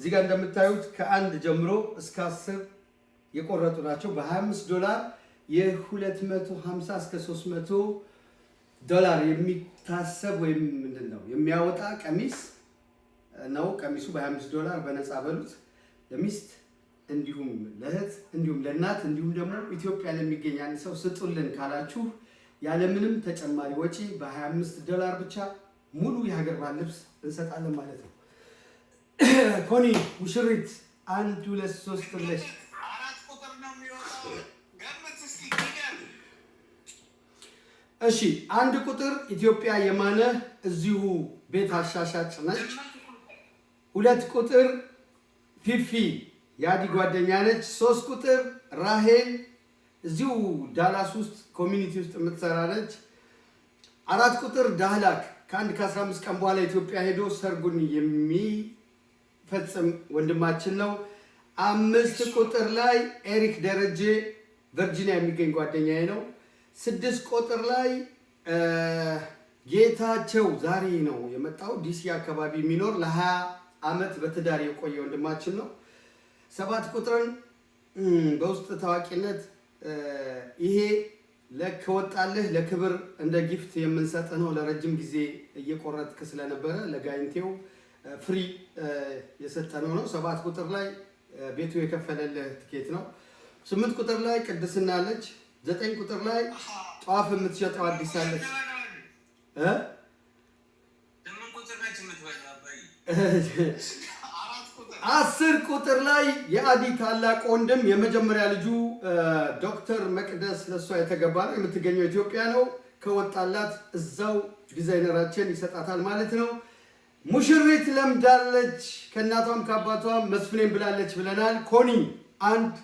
እዚህ ጋር እንደምታዩት ከአንድ ጀምሮ እስከ አስር የቆረጡ ናቸው። በ25 ዶላር የ250 እስከ 300 ዶላር የሚታሰብ ወይም ምንድን ነው የሚያወጣ ቀሚስ ነው። ቀሚሱ በ25 ዶላር በነፃ በሉት ለሚስት እንዲሁም ለእህት እንዲሁም ለእናት እንዲሁም ደግሞ ኢትዮጵያ ለሚገኝ አንድ ሰው ስጡልን ካላችሁ ያለምንም ተጨማሪ ወጪ በ25 ዶላር ብቻ ሙሉ የሀገር ባህል ልብስ እንሰጣለን ማለት ነው። ኮኒ ሙሽሪት አንድ ሁለት ሶስት ብለሽ እሺ፣ አንድ ቁጥር ኢትዮጵያ የማነ እዚሁ ቤት አሻሻጭ ነች። ሁለት ቁጥር ፊፊ የአዲ ጓደኛ ነች። ሶስት ቁጥር ራሄል እዚሁ ዳላስ ውስጥ ኮሚኒቲ ውስጥ የምትሰራ ነች። አራት ቁጥር ዳህላክ ከአንድ ከአስራ አምስት ቀን በኋላ ኢትዮጵያ ሄዶ ሰርጉን የሚ ፈጽም ወንድማችን ነው። አምስት ቁጥር ላይ ኤሪክ ደረጀ ቨርጂኒያ የሚገኝ ጓደኛዬ ነው። ስድስት ቁጥር ላይ ጌታቸው ዛሬ ነው የመጣው ዲሲ አካባቢ የሚኖር ለ20 ዓመት በትዳር የቆየ ወንድማችን ነው። ሰባት ቁጥርን በውስጥ ታዋቂነት ይሄ ከወጣልህ ለክብር እንደ ጊፍት የምንሰጥ ነው። ለረጅም ጊዜ እየቆረጥክ ስለነበረ ለጋይንቴው ፍሪ የሰጠነው ነው። ሰባት ቁጥር ላይ ቤቱ የከፈለልህ ትኬት ነው። ስምንት ቁጥር ላይ ቅድስና አለች። ዘጠኝ ቁጥር ላይ ጧፍ የምትሸጠው አዲስ አለች። አስር ቁጥር ላይ የአዲ ታላቅ ወንድም የመጀመሪያ ልጁ ዶክተር መቅደስ ለእሷ የተገባ ነው። የምትገኘው ኢትዮጵያ ነው። ከወጣላት እዛው ዲዛይነራችን ይሰጣታል ማለት ነው። ሙሽሪት ለምዳለች ከእናቷም ከአባቷም መስፍኔም ብላለች ብለናል። ኮኒ አንድ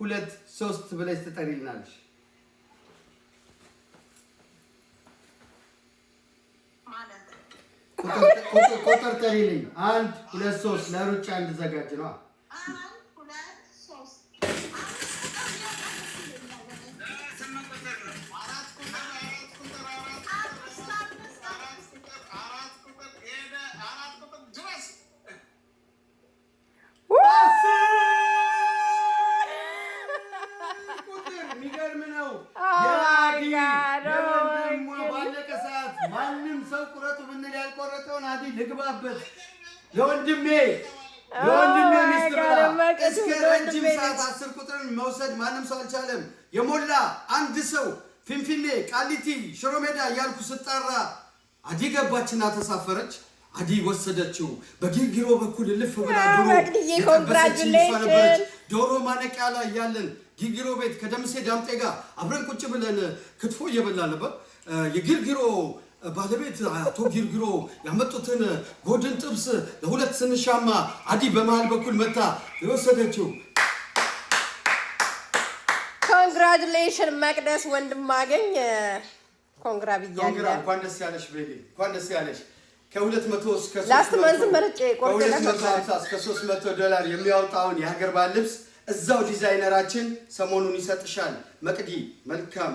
ሁለት ሶስት ብለች ትጠሪልናለች። ቁጥር ጠሪልኝ። አንድ ሁለት ሶስት ለሩጫ እንድዘጋጅ ነው። ልግባበት ለወንድሜ ለወንድሜ ሚስት እስከ ረጅም ሰዓት አስር ቁጥርን መውሰድ ማንም ሰው አልቻለም። የሞላ አንድ ሰው ፊንፊኔ፣ ቃሊቲ፣ ሽሮ ሜዳ እያልኩ ስጠራ አዲ ገባችና ተሳፈረች። አዲ ወሰደችው። በጌርጌሮ በኩል ልፍ ብላ ዶሮ ነበረች። ዶሮ ማነቂያ ላይ ያለን ጊርጊሮ ቤት ከደምሴ ዳምጤ ጋር አብረን ቁጭ ብለን ክትፎ እየበላ ነበር የጊርጊሮ ባለቤት አቶ ጊርጊሮ ያመጡትን ጎድን ጥብስ ለሁለት ስንሻማ አዲ በመሃል በኩል መታ የወሰደችው። ኮንግራጁሌሽን መቅደስ ወንድም አገኝ ኮንግራ ብያለሁ። እንኳን ደስ ያለሽ ቤቢ፣ እንኳን ደስ ያለሽ። ከሁለት መቶ እስከ ሦስት መቶ ዶላር የሚያወጣውን የሀገር ባህል ልብስ እዛው ዲዛይነራችን ሰሞኑን ይሰጥሻል። መቅዲ መልካም